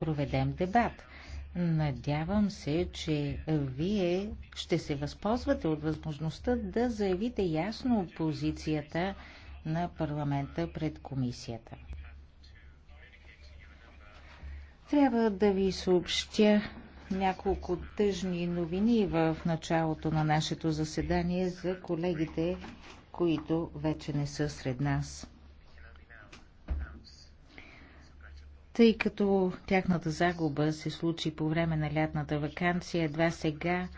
проведем дебат. Надявам се, че вие ще се възползвате от възможността да заявите ясно позицията на парламента пред комисията. Трябва да ви съобщя няколко тъжни новини в началото на нашето заседание за колегите, които вече не са сред нас. Тъй като тяхната загуба се случи по време на лятната вакансия, едва сега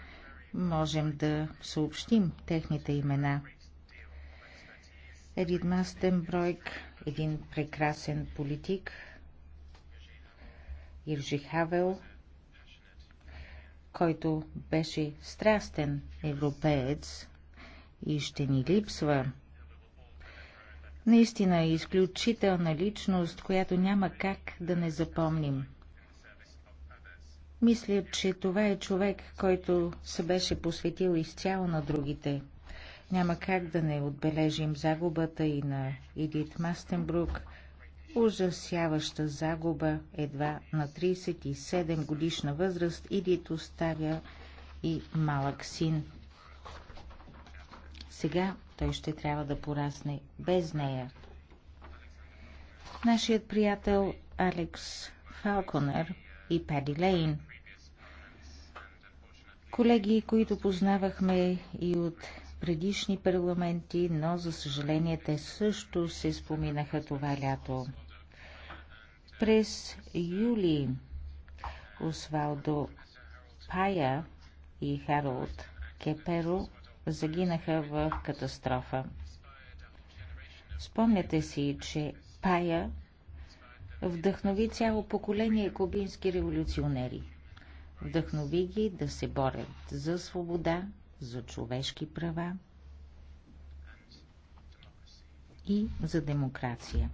можем да съобщим техните имена. Ридма Стенбройк, един прекрасен политик, Иржи Хавел, който беше страстен европеец и ще ни липсва – Наистина е изключителна личност, която няма как да не запомним. Мисля, че това е човек, който се беше посветил изцяло на другите. Няма как да не отбележим загубата и на Идит Мастенбрук, ужасяваща загуба едва на 37 годишна възраст, Идит оставя и малък син. Сега той ще трябва да порасне без нея. Нашият приятел Алекс Фалконер и Пади Лейн, колеги, които познавахме и от предишни парламенти, но за съжаление те също се споминаха това лято. През юли Освалдо Пая и Харолд Кеперо загинаха в катастрофа. Спомняте си, че Пая вдъхнови цяло поколение кубински революционери. Вдъхнови ги да се борят за свобода, за човешки права и за демокрация.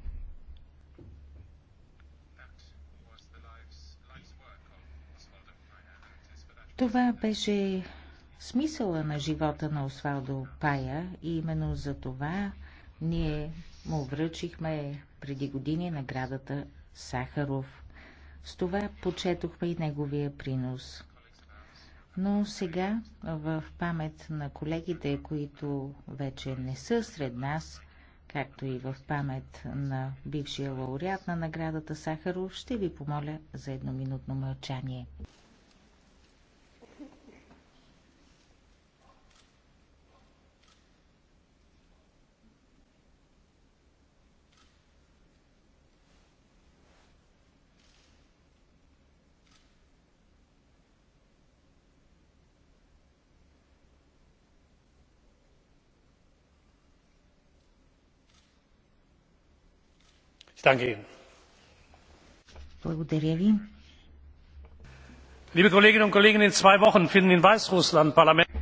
Това беше смисъла на живота на Освалдо Пая и именно за това ние му връчихме преди години наградата Сахаров. С това почетохме и неговия принос. Но сега, в памет на колегите, които вече не са сред нас, както и в памет на бившия лауреат на наградата Сахаров, ще ви помоля за едноминутно мълчание. Danke Ihnen. Liebe Kolleginnen und Kollegen, in zwei Wochen finden in Weißrussland Parlament.